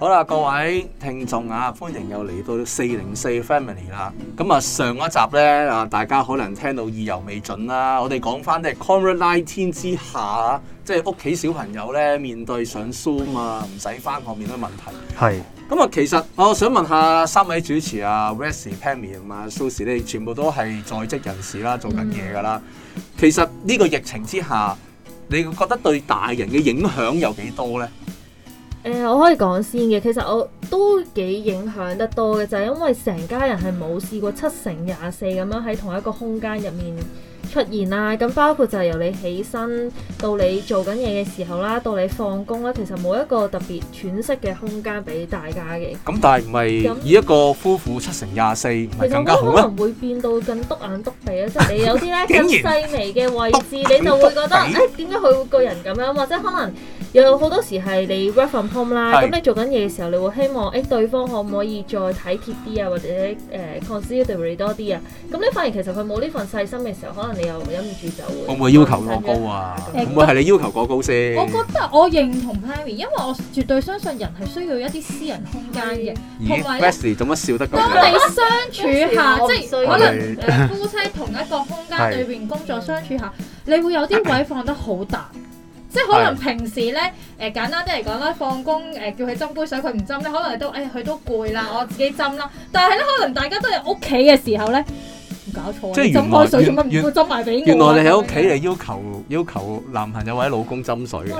好啦，各位聽眾啊，歡迎又嚟到四零四 Family 啦。咁、嗯、啊，上一集咧啊，大家可能聽到意猶未盡啦。我哋講翻咧 Coronary 天之下，即係屋企小朋友咧面對上 Zoom 啊，唔使翻學面對問題。係是。咁啊、嗯，其實我想問下三位主持啊 Resy、Pammy 同埋 Susie，你哋全部都係在職人士啦，做緊嘢噶啦。其實呢個疫情之下，你覺得對大人嘅影響有幾多咧？誒、呃、我可以講先嘅，其實我都幾影響得多嘅，就係、是、因為成家人係冇試過七乘廿四咁樣喺同一個空間入面。出現啦，咁包括就係由你起身到你做緊嘢嘅時候啦，到你放工啦，其實冇一個特別喘息嘅空間俾大家嘅。咁但係唔係以一個夫婦七成廿四唔係更加好嗎？其實我覺得可能會變到更篤眼篤鼻啊，即係你有啲咧咁細微嘅位置，你就會覺得誒點解佢個人咁樣，或者可能有好多時係你 work from home 啦，咁你做緊嘢嘅時候，你會希望誒對方可唔可以再體貼啲啊，或者誒 considerately 多啲啊，咁你發現其實佢冇呢份細心嘅時候，可能。你又忍唔住酒？會唔會要求過高啊？唔會係你要求過高先。我覺得我認同 Pammy，因為我絕對相信人係需要一啲私人空間嘅。同埋，Bessie 做乜笑得咁開心。當你相處下，即係可能夫妻同一個空間裏邊工作相處下，你會有啲位放得好大。即係可能平時咧，誒簡單啲嚟講啦，放工誒叫佢斟杯水，佢唔斟咧，可能都誒佢都攰啦，我自己斟啦。但係咧，可能大家都有屋企嘅時候咧。搞錯，即係原來原來你喺屋企嚟要求 要求男朋友或者老公斟水呢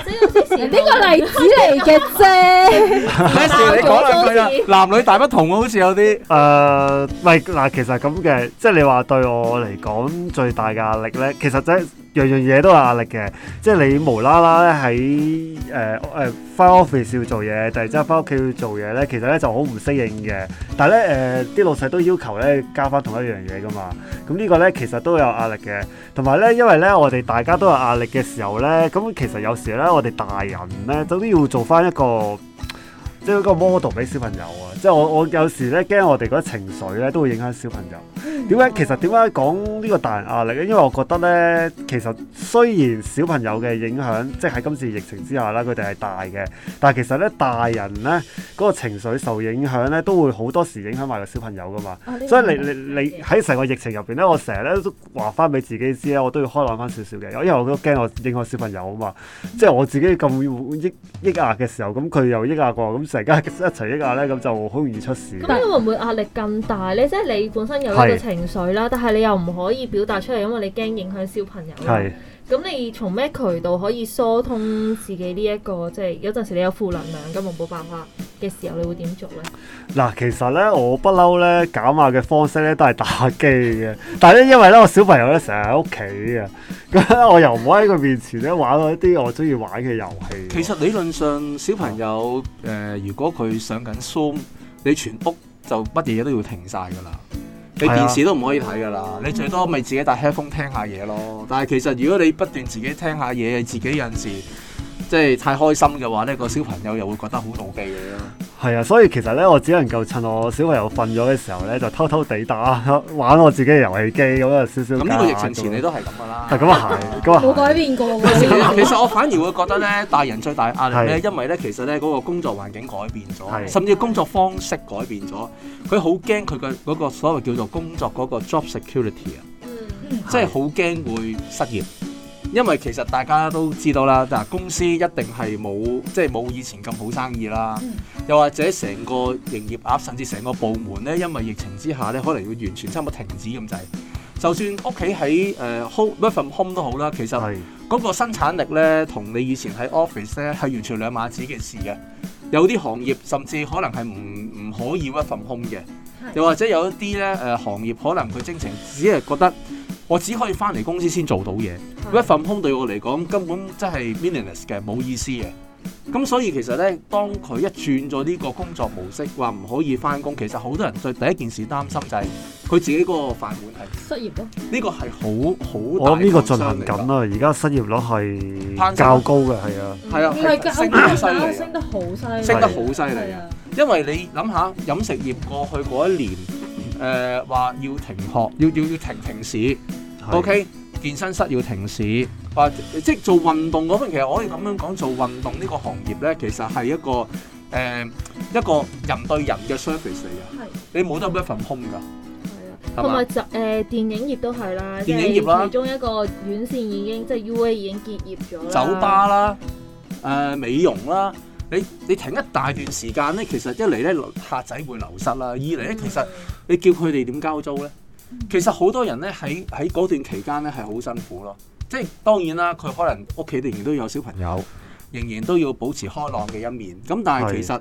個例子嚟嘅啫。咩事 你講兩句啊！ 男女大不同，好似有啲誒，唔嗱、呃，其實咁嘅，即係你話對我嚟講最大嘅壓力咧，其實即係。樣樣嘢都有壓力嘅，即係你無啦啦喺誒誒返 office 要做嘢，突然之間返屋企要做嘢咧，其實咧就好唔適應嘅。但係咧誒啲老細都要求咧加返同一樣嘢㗎嘛，咁呢個咧其實都有壓力嘅。同埋咧，因為咧我哋大家都有壓力嘅時候咧，咁其實有時咧我哋大人咧都都要做返一個。即係嗰個 model 俾小朋友啊！即係我我有時咧驚我哋嗰啲情緒咧都會影響小朋友。點解其實點解講呢個大人壓力咧？因為我覺得咧，其實雖然小朋友嘅影響，即係喺今次疫情之下啦，佢哋係大嘅，但係其實咧大人咧嗰、嗰個情緒受影響咧，都會好多時影響埋個小朋友噶嘛。哦、所以你你你喺成個疫情入邊咧，我成日咧都話翻俾自己知咧，我都要開朗翻少少嘅。因為我都驚我影響小朋友啊嘛。即係我自己咁抑抑壓嘅時候，咁佢又抑壓過咁。成家一齊一壓咧，咁就好容易出事。咁會唔會壓力咁大咧？你即係你本身有一個情緒啦，是但係你又唔可以表達出嚟，因為你驚影響小朋友。咁你從咩渠道可以疏通自己呢？這、一個即係、就是，有陣時你有負能量咁冇冇辦法嘅時候你，時候你會點做呢？嗱，其實呢，我不嬲呢，減壓嘅方式呢都係打機嘅，但係咧因為呢，我小朋友呢成日喺屋企啊，咁我又唔可以喺佢面前呢玩到一啲我中意玩嘅遊戲。其實理論上小朋友誒、呃，如果佢上緊 Zoom，你全屋就乜嘢都要停晒噶啦。你電視都唔可以睇㗎啦，嗯、你最多咪自己戴 headphone 聽下嘢咯。但係其實如果你不斷自己聽一下嘢，自己有時。即係太開心嘅話呢，個小朋友又會覺得好妒忌嘅咯。係啊，所以其實呢，我只能夠趁我小朋友瞓咗嘅時候呢，就偷偷地打玩我自己嘅遊戲機。咁呢個疫情前你都係咁噶啦。咁 啊係，咁啊係冇、啊、改變過、 啊。其實我反而會覺得呢，大人最大壓力呢，是因為呢，其實呢嗰、嗰個工作環境改變咗，是甚至工作方式改變咗，佢好驚佢嘅嗰個所謂叫做工作嗰個 job security 啊，嗯，即係好驚會失業。因為其實大家都知道啦，嗱公司一定係冇即係冇以前咁好生意啦，嗯、又或者成個營業額甚至成個部門咧，因為疫情之下咧，可能要完全差唔多停止咁滯。就算屋企喺誒 work from home 都好啦，呃、home, home，其實嗰個生產力咧，同你以前喺 office 咧係完全兩碼子嘅事嘅。有啲行業甚至可能係唔唔可以 work from home 嘅，嗯、又或者有一啲咧誒行業可能佢精情只係覺得。我只可以翻嚟公司先做到嘢，work from home 對我嚟講根本真係 meaningless 嘅，冇意思嘅。咁所以其實咧，當佢一轉咗呢個工作模式，話唔可以翻工，其實好多人最第一件事擔心就係佢自己個飯碗係失業咯。呢個係好好，我呢個進行緊啊！而家失業率係較高嘅，係啊，係啊、嗯，升得好犀利， 升得好犀利，升得好犀利。的因為你諗下飲食業過去嗰一年，誒、呃、話要停學，要要要停停，停市。O、okay? K，健身室要停市，或即做運動嗰方，其實可以咁樣講，做運動呢個行業咧，其實係一個誒、呃、一個人對人嘅 service 嚟，的你冇得咁一份空㗎，係啊的，同埋集誒電影業都係啦，電影業啦，其中一個院線已經即、就是、U A 已經結業咗啦，酒吧啦，誒、呃、美容啦，你你停一大段時間咧，其實一嚟咧客仔會流失啦，二嚟咧、嗯、其實你叫佢哋點交租咧？其實好多人咧喺喺嗰段期間咧係好辛苦咯，即係當然啦，佢可能屋企仍然都有小朋友，有仍然都要保持開朗嘅一面。咁但係其實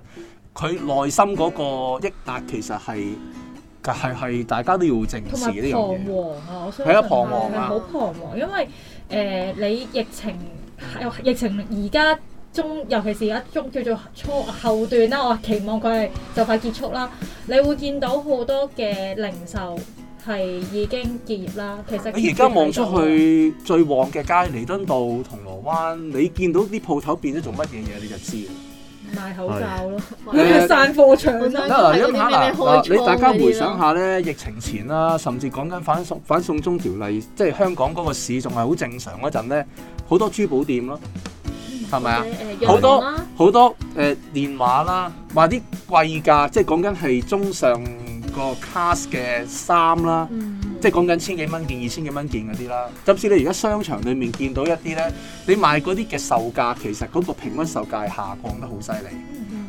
佢是內心嗰個抑壓其實係係係大家都要正視呢樣嘢，係有啊彷徨，好彷徨，啊、因為誒、呃、你疫情、啊、疫情而家中，尤其是而家中叫做初後段啦，我期望佢係就快結束啦。你會見到好多嘅零售。係已經結業啦。其實你而家望出去最旺嘅街，彌敦道、銅鑼灣，你見到啲鋪頭變咗做乜嘢嘢你就知。賣口罩咯，散貨場啦。嗱、啊，你諗下嗱，嗯、你大家回想下咧，麼疫情前啦，甚至講緊反送反送中條例，即係香港嗰個市仲係好正常嗰陣咧，好多珠寶店咯，係咪啊？好多好多誒電話啦，話啲貴價，即係講緊係中上。個 cast 嘅衫啦，即係講緊千幾蚊件、二千幾蚊件嗰啲啦。甚至你而家商場裡面見到一啲咧，你賣嗰啲嘅售價，其實嗰個平均售價係下降得好犀利。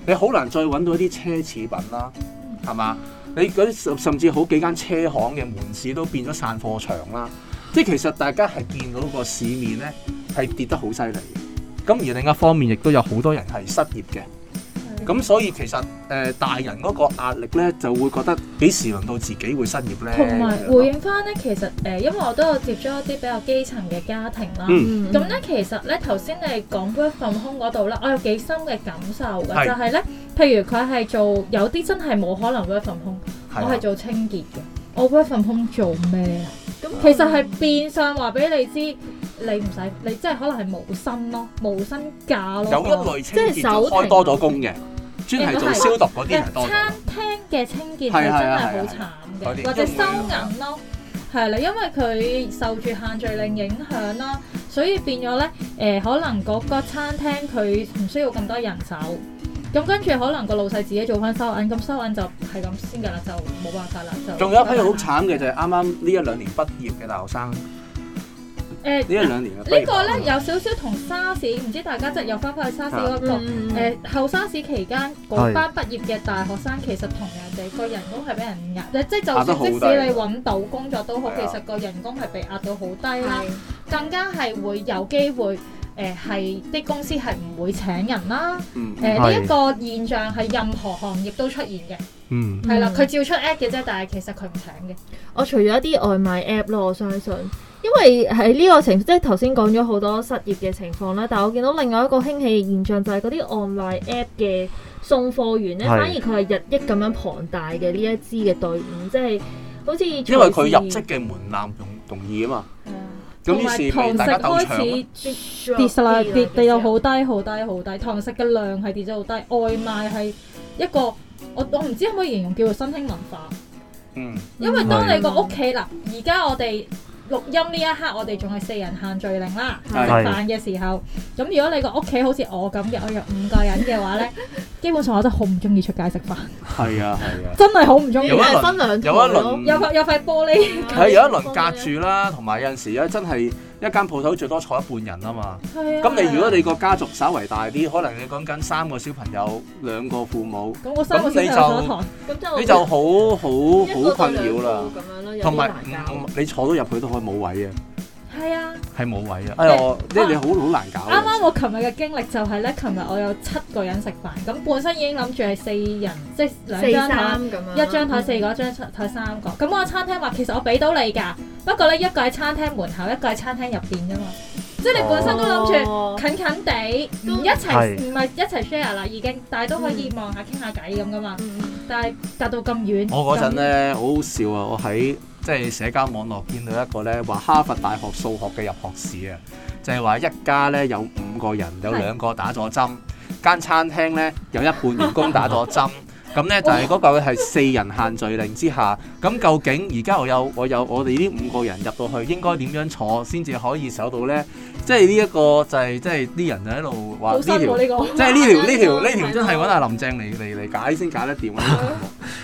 你好難再揾到一啲奢侈品啦，係嘛？你嗰啲甚至好幾間車行嘅門市都變咗散貨場啦。即係其實大家係見到個市面咧係跌得好犀利嘅。咁而另一方面，亦都有好多人係失業嘅。咁所以其實誒，大人嗰個壓力咧，就會覺得幾時輪到自己會失業咧？同埋回應翻咧，其實誒，因為我都有接觸一啲比較基層嘅家庭啦。嗯。咁咧，其實咧，頭先你講 work from home 嗰度咧，我有幾深嘅感受㗎，就係咧，譬如佢係做有啲真係冇可能 work from home，我係做清潔嘅，我 work from home 做咩啊？咁，其實係變相話俾你知。你唔使，你即係可能係無薪咯，無薪假咯，有一類清潔開多咗工嘅，專係做消毒嗰啲係多咗。餐廳嘅清潔係真係好慘嘅，或者收銀咯，係啦，因為佢受住限聚令影響啦，所以變咗咧誒，可能嗰個餐廳佢唔需要咁多人手，咁跟住可能個老細自己做翻收銀，咁收銀就係咁先噶啦，就冇辦法啦，就。仲有一批好慘嘅就係啱啱呢一兩年畢業嘅大學生。呢個呢有少少同沙士，唔知大家即係有翻翻去沙士嗰度，誒後沙士期間嗰班畢業嘅大學生，其實同人哋個人工係俾人壓，即係就算即使你揾到工作都好，其實個人工係被壓到好低啦，更加係會有機會誒係啲公司係唔會請人啦。誒呢一個現象係任何行業都出現嘅。嗯，係啦，佢照出 app 嘅啫，但係其實佢唔請嘅。我除咗一啲外賣 app 咯，我相信。因為喺呢個情，即係頭先講咗好多失業嘅情況啦。但係我見到另外一個興起嘅現象就係嗰啲 online app 嘅送貨員咧，反而佢係日益咁樣龐大嘅呢一支嘅隊伍，即係好似因為佢入職嘅門檻同容易啊嘛。咁啲堂食開始跌啦，跌得又好低，好低，好低。堂食嘅量係跌咗好低，外賣係一個我我唔知可唔可以形容叫做新興文化。嗯，因為當你個屋企嗱，而家我哋。錄音呢一刻我哋仲係四人限聚令啦，食是的 飯嘅時候，咁是的 如果你個屋企好似我咁嘅，我約五個人嘅話咧， 基本上我都好唔中意出街食飯。係啊係啊，真係好唔中意。有分兩有一輪有塊有一塊玻璃。係的，有一輪隔住啦，同埋有陣時咧真係。一間鋪頭最多坐一半人啊嘛，咁、啊、你如果你個家族稍為大啲，可能你講緊三個小朋友，兩個父母，咁你就，就你就，就好好好一個困擾啦，同埋你坐到入去都可以冇位嘅。係啊，係冇位啊！哎呀，即係你好好難搞。啱啱我琴日嘅經歷就係咧，琴日我有七個人食飯，咁本身已經諗住係四人，即係兩張台，一張台四個，一張台三個。咁我餐廳話其實我俾到你㗎，不過咧一個喺餐廳門口，一個喺餐廳入邊㗎嘛。即係你本身都諗住近近地，唔一齊，唔係一齊 share 啦，已經，但係都可以望下傾下偈咁噶嘛。但係隔到咁遠。我嗰陣咧好好笑啊！我喺即係社交網絡見到一個咧，話哈佛大學數學嘅入學試啊，就係話一家咧有五個人，有兩個打咗針，間餐廳咧有一半員工打咗針，咁咧就係嗰個係四人限聚令之下，咁究竟而家我有我有我哋呢五個人入到去，應該點樣坐先至可以守到咧？即係呢一個就係即係啲人喺度話呢條，即係呢條呢條呢條真係揾阿林鄭嚟嚟嚟解先解得掂。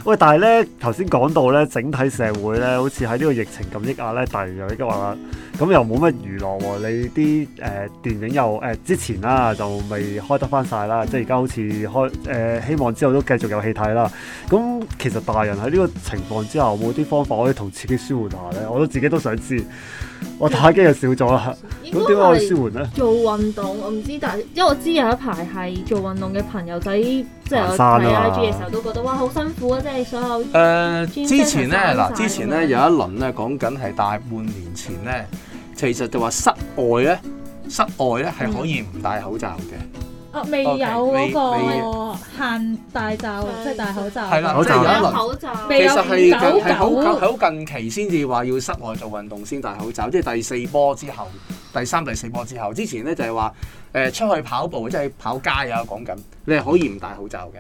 喂，但係咧頭先講到咧，整體社會咧，好似喺呢個疫情咁抑壓咧，大人又已經話啦，咁又冇乜娛樂喎、哦。你啲誒、呃、電影又誒、呃、之前啦，就未開得翻晒啦，即係而家好似開誒、呃、希望之後都繼續有戲睇啦。咁其實大人喺呢個情況之下，有冇啲方法可以同自己舒緩下咧？我都自己都想知。我打機又少咗啦，咁點解會舒緩咧？做運動，我唔知，但因為我知有一排係做運動嘅朋友仔，即係我睇 IG 嘅時候都覺得哇好辛苦啊！即係所有誒、呃、gym 之前咧嗱，之前咧有一輪咧講緊係大半年前咧，其實就話室外咧，室外咧係可以唔戴口罩嘅。嗯。啊、未有嗰個限戴罩，okay，即係戴口罩，的即係戴口罩。其實係係好近期先至話要室外做運動先戴口罩，即係第四波之後，第三、第四波之後。之前咧就係話誒出去跑步，即係跑街啊，講緊你係可以唔戴口罩嘅，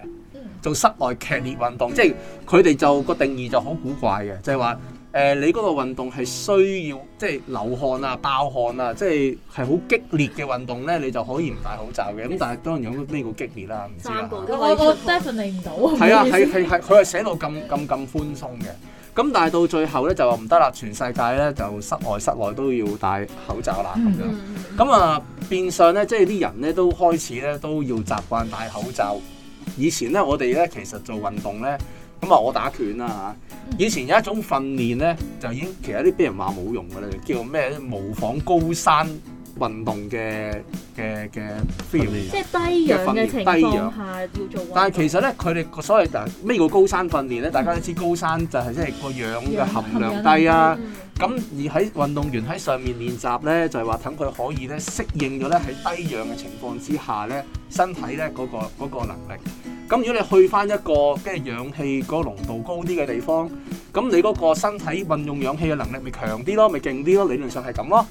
做室外劇烈運動，即係佢哋就個定義就好古怪嘅，就係話。誒、呃，你嗰個運動係需要即係流汗啊、爆汗啊，即係係好激烈嘅運動咧，你就可以唔戴口罩嘅。咁但係當然有啲咩叫激烈啦、啊，唔知啦、啊。啊啊、我個 Stephen 嚟唔到。係啊，係係係，佢係、啊、寫到咁咁咁寬鬆嘅。咁但係到最後咧就話唔得啦，全世界咧就室外室外都要戴口罩啦咁、mm hmm. 樣。咁啊，變相咧即係啲人咧都開始咧都要習慣戴口罩。以前咧我哋咧其實做運動咧。呢呢咁啊，我打拳啦嚇。以前有一種訓練咧，就已經其實啲俾人話冇用嘅咧，叫咩模仿高山運動嘅嘅嘅訓練。即係低氧嘅情況下，叫做。但係其實咧，佢哋所謂咩叫高山訓練咧，嗯、大家都知高山就係即係個氧嘅含量低啊。咁、啊嗯、而喺運動員喺上面練習咧，就係話等佢可以咧適應咗咧喺低氧嘅情況之下咧，身體咧嗰、嗰個嗰、嗰個能力。咁如果你去翻一個即係氧氣嗰個濃度高啲嘅地方，咁你嗰個身體運用氧氣嘅能力咪強啲咯，咪勁啲咯，理論上係咁咯。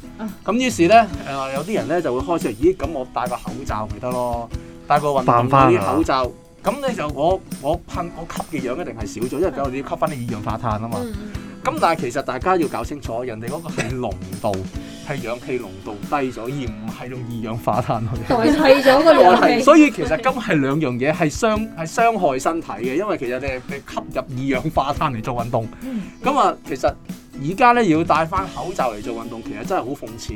咁於是咧，誒有啲人咧就會開始話：咦，咁我戴個口罩咪得咯，戴個運動嗰啲口罩。咁你就我我噴我吸嘅氧一定係少咗，因為最後你要吸翻啲二氧化碳啊嘛。咁但係其實大家要搞清楚，人哋嗰個係濃度。係氧氣濃度低咗，而唔係用二氧化碳去代替咗個氧氣。 所以其實咁係兩樣嘢係傷係傷害身體嘅，因為其實你係吸入二氧化碳嚟做運動。咁啊、嗯，其實而家咧要戴翻口罩嚟做運動，其實真係好諷刺。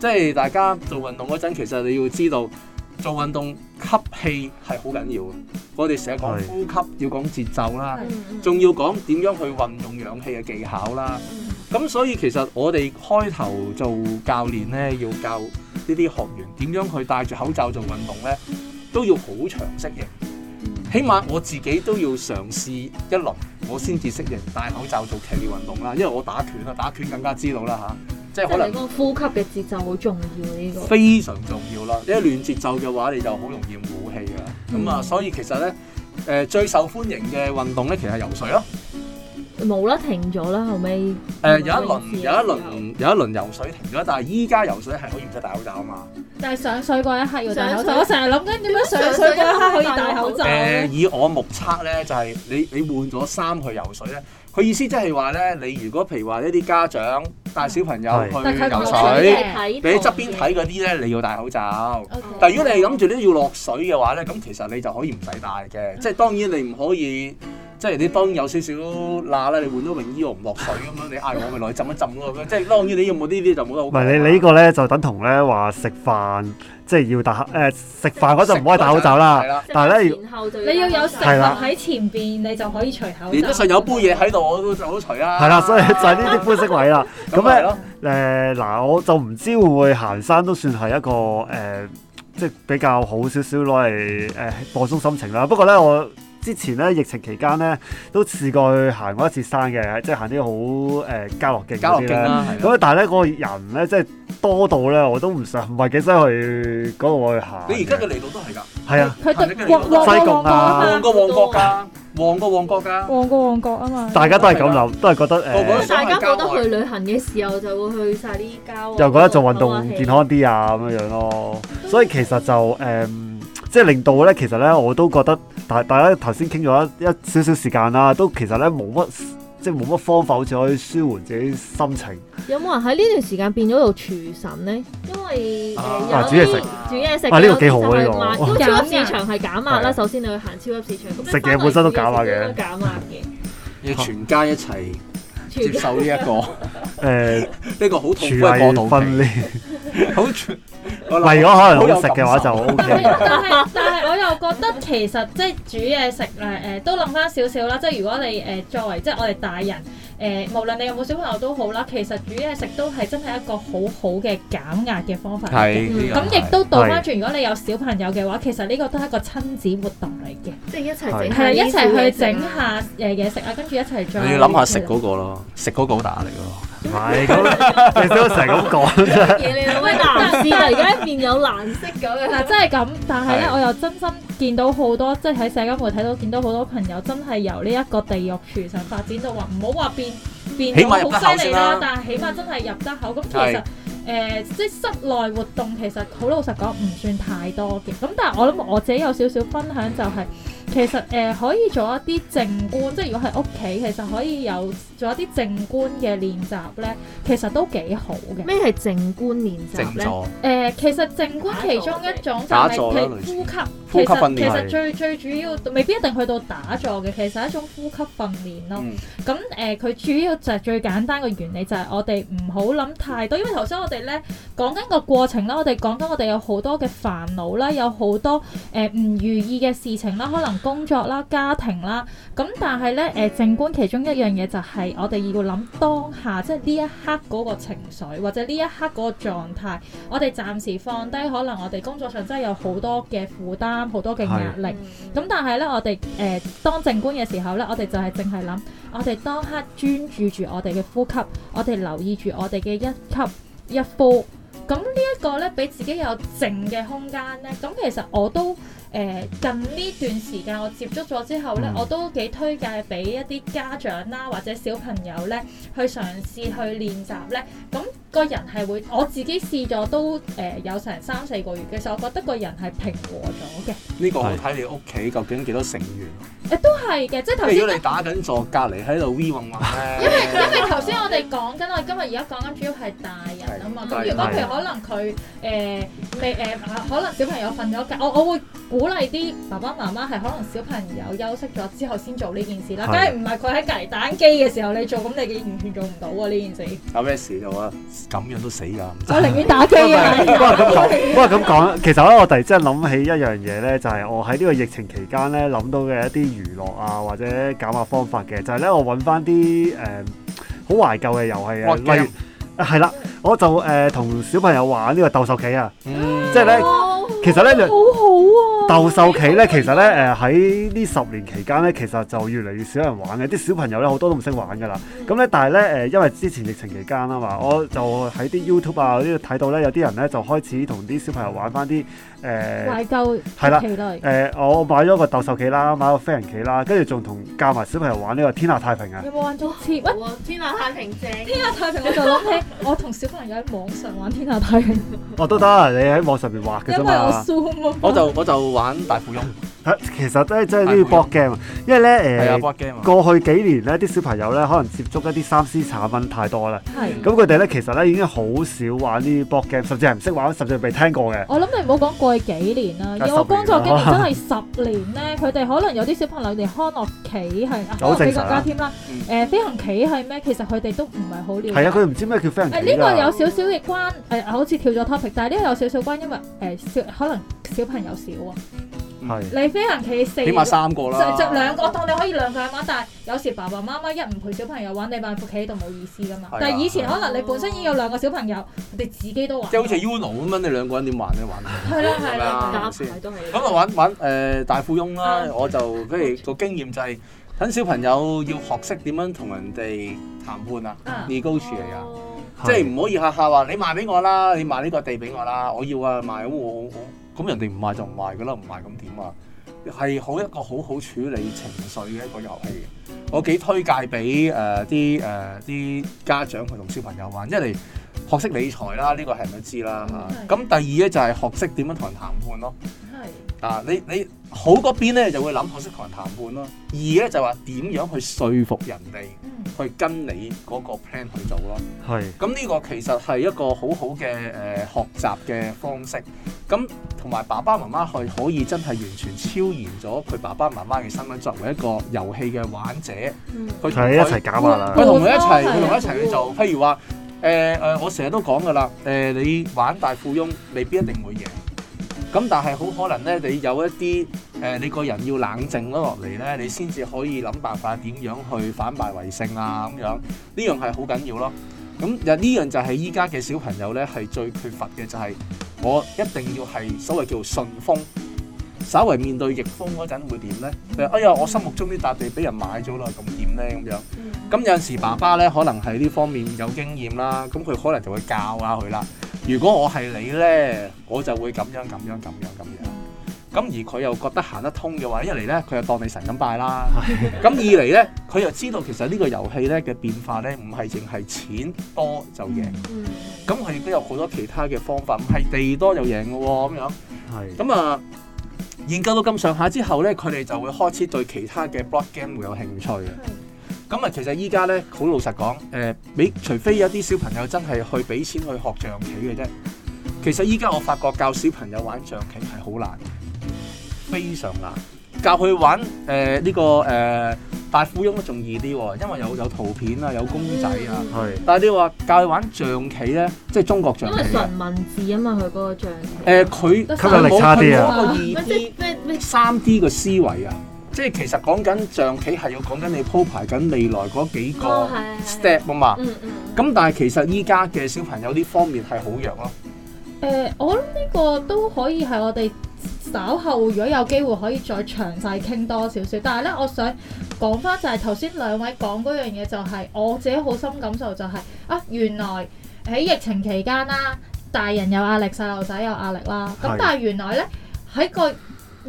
即係大家做運動嗰陣，其實你要知道。做運動吸氣係好緊要。我哋成日講呼吸要講節奏啦，仲要講點樣去運用氧氣嘅技巧啦。咁所以其實我哋開頭做教練咧，要教呢啲學員點樣去戴住口罩做運動咧，都要好長適應。起碼我自己都要嘗試一輪，我先至適應戴口罩做劇烈運動啦。因為我打拳啊，打拳更加知道啦嚇。即係可能個呼吸嘅節奏好重要呢個，非常重要啦！一亂節奏嘅話，你就好容易冇氣噶啦。咁啊，所以其實咧，誒最受歡迎嘅運動咧，其實係游水咯。冇啦，停咗啦，後尾。誒有一輪有一輪有一輪游水停咗，但係依家游水係好唔使戴口罩啊嘛。但係上水嗰一刻要戴口罩，我成日諗緊點樣上水嗰一刻可以戴口罩。誒，以我目測咧，就係你你換咗衫去游水咧。佢意思即係話咧，你如果譬如話一啲家長。帶小朋友去游水，的你喺側邊睇嗰啲咧，你要戴口罩。Okay. 但係如果你係諗住呢都要落水嘅話咧，咁其實你就可以唔使戴嘅。Okay. 即係當然你唔可以。即係你當然有少少罅啦，你換咗泳衣我唔落水咁樣，你嗌我咪落去浸一浸咯。 即係當然你要冇呢啲就冇得好。唔係你你呢個咧就等同咧話食飯，即係要戴誒、呃、食飯嗰陣唔可以戴口罩啦。了但係咧，然後要你要有食物喺前邊，了你就可以除口罩。如果上有杯嘢喺度，了我都好除啊。係啦，所以就係呢啲灰色位啦。咁咧誒嗱，我就唔知會唔會行山都算係一個誒、呃，即係比較好少少攞嚟誒放鬆心情啦。不過咧我。 之前咧疫情期間咧，都試過去行過一次山嘅，即係行啲好誒郊樂徑嗰啲咧。咁但係咧嗰個人咧，即係多到咧，我都唔想唔係幾想去嗰度去行。你而家嘅嚟到都係㗎，係啊，去旺角啊，旺過旺角㗎，旺過旺角㗎，旺過旺角啊嘛。大家都係咁諗，都係覺得誒，因為大家覺得去旅行嘅時候就會去曬啲郊啊，又覺得做運動健康啲啊咁樣樣咯。所以其實就誒。即係令到咧，其實咧我都覺得，但大家頭先傾咗一一少少時間啦，都其實咧冇乜，即係冇乜方法，好似可以舒緩自己心情。有冇人喺呢段時間變咗做廚神咧？因為誒煮嘢食，煮嘢食。呢個幾好啊呢個，都超級市場係減壓啦。首先你去行超級市場，食嘢本身都減壓嘅，減壓嘅，要全家一齊接受呢一個誒呢個好痛苦嘅好如果可能好食嘅話就 OK 啦。但係但係我又覺得其實即係煮嘢食誒誒都諗翻少少啦。即係如果你誒作為即係我哋大人誒，無論你有冇小朋友都好啦。其實煮嘢食都係真係一個好好嘅減壓嘅方法嚟嘅。咁亦都倒翻轉，如果你有小朋友嘅話，其實呢個都係一個親子活動嚟嘅。即係一齊整係啊，一齊去整下誒嘢食啊，跟住一齊再諗下食嗰個咯，食嗰個好大壓力咯。係，佢都成日咁講。但係而家變有藍色咁樣，嗱真係咁。但係咧，我又真心見到好多，即係喺社交媒體度見到好多朋友，真係由呢一個地獄廚神發展到話唔好話變變好犀利啦。但係起碼真係入得口。咁的其實誒、呃，即係室內活動其實好老實講唔算太多嘅。咁但係我諗我自己有少少分享就係、是，其實誒、呃、可以做一啲靜觀，即係如果喺屋企，其實可以有。做一啲靜觀嘅練習咧，其實都幾好嘅。咩係靜觀練習咧？誒坐、呃，其實靜觀其中一種就係、啊、呼吸。呼吸其實其實最最主要，未必一定去到打坐嘅。其實係一種呼吸訓練咯。咁誒、嗯，佢、嗯呃、主要就係、是、最簡單嘅原理就係我哋唔好諗太多，因為頭先我哋咧講緊個過程啦，我哋講緊我哋有好多嘅煩惱啦，有好多誒唔、呃、如意嘅事情啦，可能工作啦、家庭啦。咁但係咧誒，靜觀其中一樣嘢就係、是。嗯嗯我哋要諗當下，即係呢一刻嗰個情緒，或者呢一刻嗰個狀態。我哋暫時放低，可能我哋工作上真係有好多嘅負擔，好多嘅壓力。咁是但係呢，我哋誒、呃、當靜觀嘅時候呢，我哋就係淨係諗，我哋當刻專注住我哋嘅呼吸，我哋留意住我哋嘅一吸一呼。咁呢一個咧，俾自己有靜嘅空間咧，咁其實我都誒、呃、近呢段時間我接觸咗之後咧，嗯、我都幾推介俾一啲家長啦、啊、或者小朋友咧去嘗試去練習咧，咁、那個人係會我自己試咗都誒有成三四個月嘅時候，我覺得個人係平和咗嘅。呢個係睇你屋企究竟幾多成員、啊？誒都係嘅，即係頭先。如果你打緊坐隔離喺度 V 混、啊、 因為因為頭先。講緊我今日而家講緊主要係大人啊嘛，咁如果譬如可能佢誒未誒可能小朋友瞓咗覺，我我會鼓勵啲爸爸媽媽係可能小朋友休息咗之後先做呢件事啦。梗係唔係佢喺隔離打緊機嘅時候你做，咁你嘅完全做唔到啊呢件事。有咩事做啊？咁樣都死㗎，我寧願打機啊！不過咁講，不過咁講。其實咧，我突然之間諗起一樣嘢咧，就係我喺呢個疫情期間咧諗到嘅一啲娛樂啊或者減壓方法嘅，就係咧我揾返啲誒。好懷舊嘅遊戲啊，例如係啦，我就誒同、呃嗯呃、小朋友玩呢個鬥獸棋啊，嗯、即係咧，哇其實咧，好果好啊。鬥獸棋咧，okay, okay. 其實咧，誒喺呢十年期間咧，其實就越嚟越少人玩嘅。啲小朋友咧，好多都唔識玩㗎啦。咁咧、mm，hmm. 但係咧，誒、呃，因為之前疫情期間啦嘛，我就喺啲 YouTube 啊呢度睇到咧，有啲人咧就開始同啲小朋友玩翻啲誒，懷舊棋類。誒，我買咗個鬥獸棋啦，買個飛人棋啦，跟住仲同教埋小朋友玩呢個天下太平啊！有冇玩過？啊、天下太平正，天下太平我就諗起 我同小朋友喺網上玩天下太平。 哦，都得，你喺網上邊畫㗎啫嘛？因為我數，我就我就玩大富翁。其實都係真係都要博 game，因為咧誒，的過去幾年咧，啲小朋友咧可能接觸一啲三 C 產品太多啦，咁佢哋咧其實咧已經好少玩呢啲博 game，甚至係唔識玩，甚至係未聽過嘅。我諗你唔好講過去幾年啦，有果工作經驗真係十年咧，佢哋 可能有啲小朋友嚟看落棋係啊，幾個國家添啦，誒、呃、飛行棋係咩？其實佢哋都唔係好了解。係啊，佢唔知咩叫飛行棋。呢、呃這個有少少嘅關誒、呃，好似跳咗 topic，但係呢個有少少關，因為誒、呃、可能小朋友少啊。你飛行棋四，起碼三個啦，就兩個，當你可以兩個玩，但係有時爸爸媽媽一唔陪小朋友玩，你擺副棋喺度冇意思㗎嘛。但係以前可能你本身已有兩個小朋友，佢哋自己都玩。即係好似 Uno 咁樣，你兩個人點玩咧？玩係啦係啦，打牌都係。咁啊玩玩誒大富翁啦，我就譬如個經驗就係等小朋友要學識點樣同人哋談判啊 negotiate 啊，即係唔可以下下話你賣俾我啦，你賣呢個地俾我啦，我要啊賣咁我我。咁人哋唔賣就唔賣㗎喇，唔賣咁點啊？係好一個好好處理情緒嘅一個遊戲，我幾推介俾誒啲誒啲家長去同小朋友玩，一嚟學識理財啦，呢、這個係咪知啦吓。咁、啊、第二咧就係、是、學識點樣同人談判咯。啊！你你好嗰邊咧，就會諗學識同人談判咯。二咧就話點樣去說服人哋、嗯、去跟你嗰個 plan 去做咯。係是。咁呢個其實係一個好好嘅誒學習嘅方式。咁同埋爸爸媽媽去可以真係完全超然咗佢爸爸媽媽嘅身份，作為一個遊戲嘅玩者，佢同你一齊搞埋啦。佢同佢一齊，佢同佢一齊去做。譬如話誒誒，我成日都講㗎喇，誒、呃、你玩大富翁未必一定會贏。咁但係好可能咧，你有一啲誒、呃，你個人要冷靜咗落嚟咧，你先至可以諗辦法點樣去反敗為勝啊咁樣，呢樣係好緊要咯。咁有呢樣就係依家嘅小朋友咧，係最缺乏嘅就係、是、我一定要係所謂叫順風，稍為面對逆風嗰陣會點咧？誒，哎呀，我心目中啲笪地俾人買咗啦，咁點咧？咁樣，咁有陣時爸爸咧可能喺呢方面有經驗啦，咁佢可能就會教下佢啦。如果我係你咧，我就會咁樣咁樣咁樣咁樣。咁而佢又覺得行得通嘅話，一嚟咧佢就當你神咁拜啦。咁 二嚟咧，佢又知道其實呢個遊戲咧嘅變化咧，唔係淨係錢多就贏。咁亦都有好多其他嘅方法，唔係地多就贏嘅喎，哦。咁樣。係是。咁啊，研究到咁上下之後咧，佢哋就會開始對其他嘅 block game 會有興趣嘅。咁啊，其實依家咧，好老實講，誒、呃，俾除非有啲小朋友真係去俾錢去學象棋嘅啫。其實依家我發覺教小朋友玩象棋係好難，非常難。教佢玩誒呢、呃這個誒、呃、大富翁都仲易啲，因為有有圖片啊，有公仔啊。係、嗯。但係你話教佢玩象棋咧，即係中國象棋。因為純文字啊嘛，佢嗰個象棋。誒、呃，佢吸引力差啲啊。冇個二 D、三 D 嘅思維啊。即係其實講緊象棋係要講緊你鋪排緊未來嗰幾個 step 啊嘛，咁、嗯嗯、但係其實依家嘅小朋友呢方面係好弱咯。誒，我諗呢個都可以係我哋稍後如果有機會可以再詳細傾多少少，但係咧我想講翻就係頭先兩位講嗰樣嘢就係、是、我自己好深感受就係、是、啊原來喺疫情期間啦，大人有壓力，細路仔有壓力啦，咁但係原來咧喺個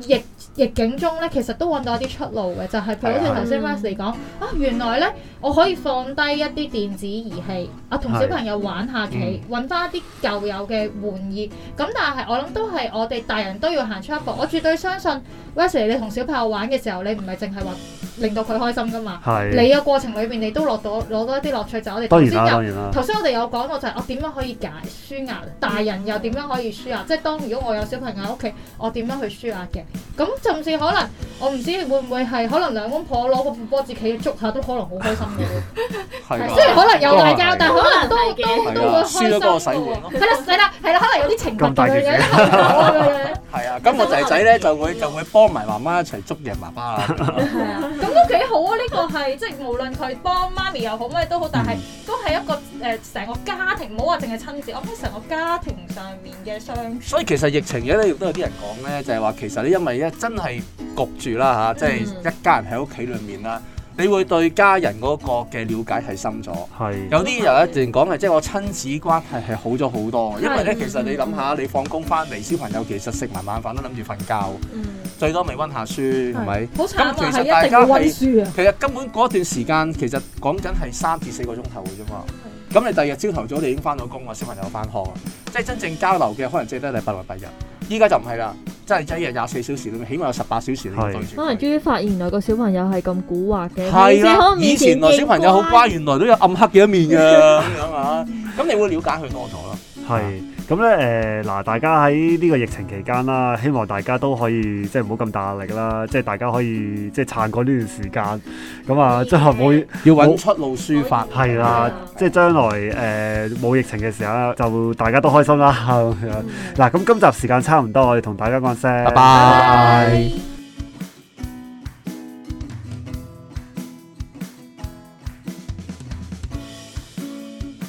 疫逆境中咧，其實都揾到一啲出路嘅，就係、是、譬如好似頭先 Russ 嚟講啊，原來呢，我可以放低一啲電子儀器，啊同的小朋友玩下棋，揾翻、嗯、一啲舊有嘅玩意。咁但係我諗都係我哋大人都要行出一步。我絕對相信 Russ 你同小朋友玩嘅時候，你唔係淨係話令到佢開心噶嘛？的你嘅過程裏邊，你都落到攞到一啲樂趣。我我就我哋然頭先我哋有講到就係我點樣可以解舒壓，大人又點樣可以舒壓、啊？嗯、即係當如果我有小朋友喺屋企，我點樣去舒壓嘅？咁甚至可能我唔知會唔會係可能兩公婆攞個木波子企住捉下都可能好開心嘅，雖然可能又大交，但可能都都都開心。係啦，係啦，係啦，可能有啲情節嘅。係啊，咁我仔仔咧就會就會幫埋媽媽一齊捉嘅媽媽。係啊，咁都幾好啊！呢個係即係無論佢幫媽咪又好咩都好，但係都係一個誒成個家庭，唔好話淨係親子。我覺得成個家庭上面嘅相處。所以其實疫情嘅咧亦都有啲人講咧，就係話其實你因為一。真係焗住啦嚇，即係一家人喺屋企裏面啦，你會對家人嗰個嘅了解係深咗。係有啲人一定講，即係我親子關係係好咗好多，因為咧其實你諗下，你放工翻嚟，小朋友其實食埋晚飯都諗住瞓覺，最多咪温下書係咪？咁其實大家係，其實根本嗰段時間，其實講緊係三至四個鐘頭嘅啫嘛。咁你第二日朝頭早你已經翻咗工，個小朋友翻學，即係真正交流嘅，可能只得禮拜六、禮拜日。依家就唔係啦，即係一日廿四小時，起碼有十八小時對。可能終於發現原來個小朋友係咁古惑嘅，而且可能以前小朋友好乖，原來都有暗黑嘅一面嘅。咁樣啊，咁 你會了解佢多咗咯。係、啊。咁咧，誒嗱、呃，大家喺呢個疫情期間啦，希望大家都可以即係唔好咁大壓力啦，即係大家可以即係撐過呢段時間，咁啊，即係會要揾出路抒發。係啦，即係將來誒冇、呃、疫情嘅時候，就大家都開心啦。嗱 的，咁 今集時間差唔多，我哋同大家講聲，拜拜。拜拜。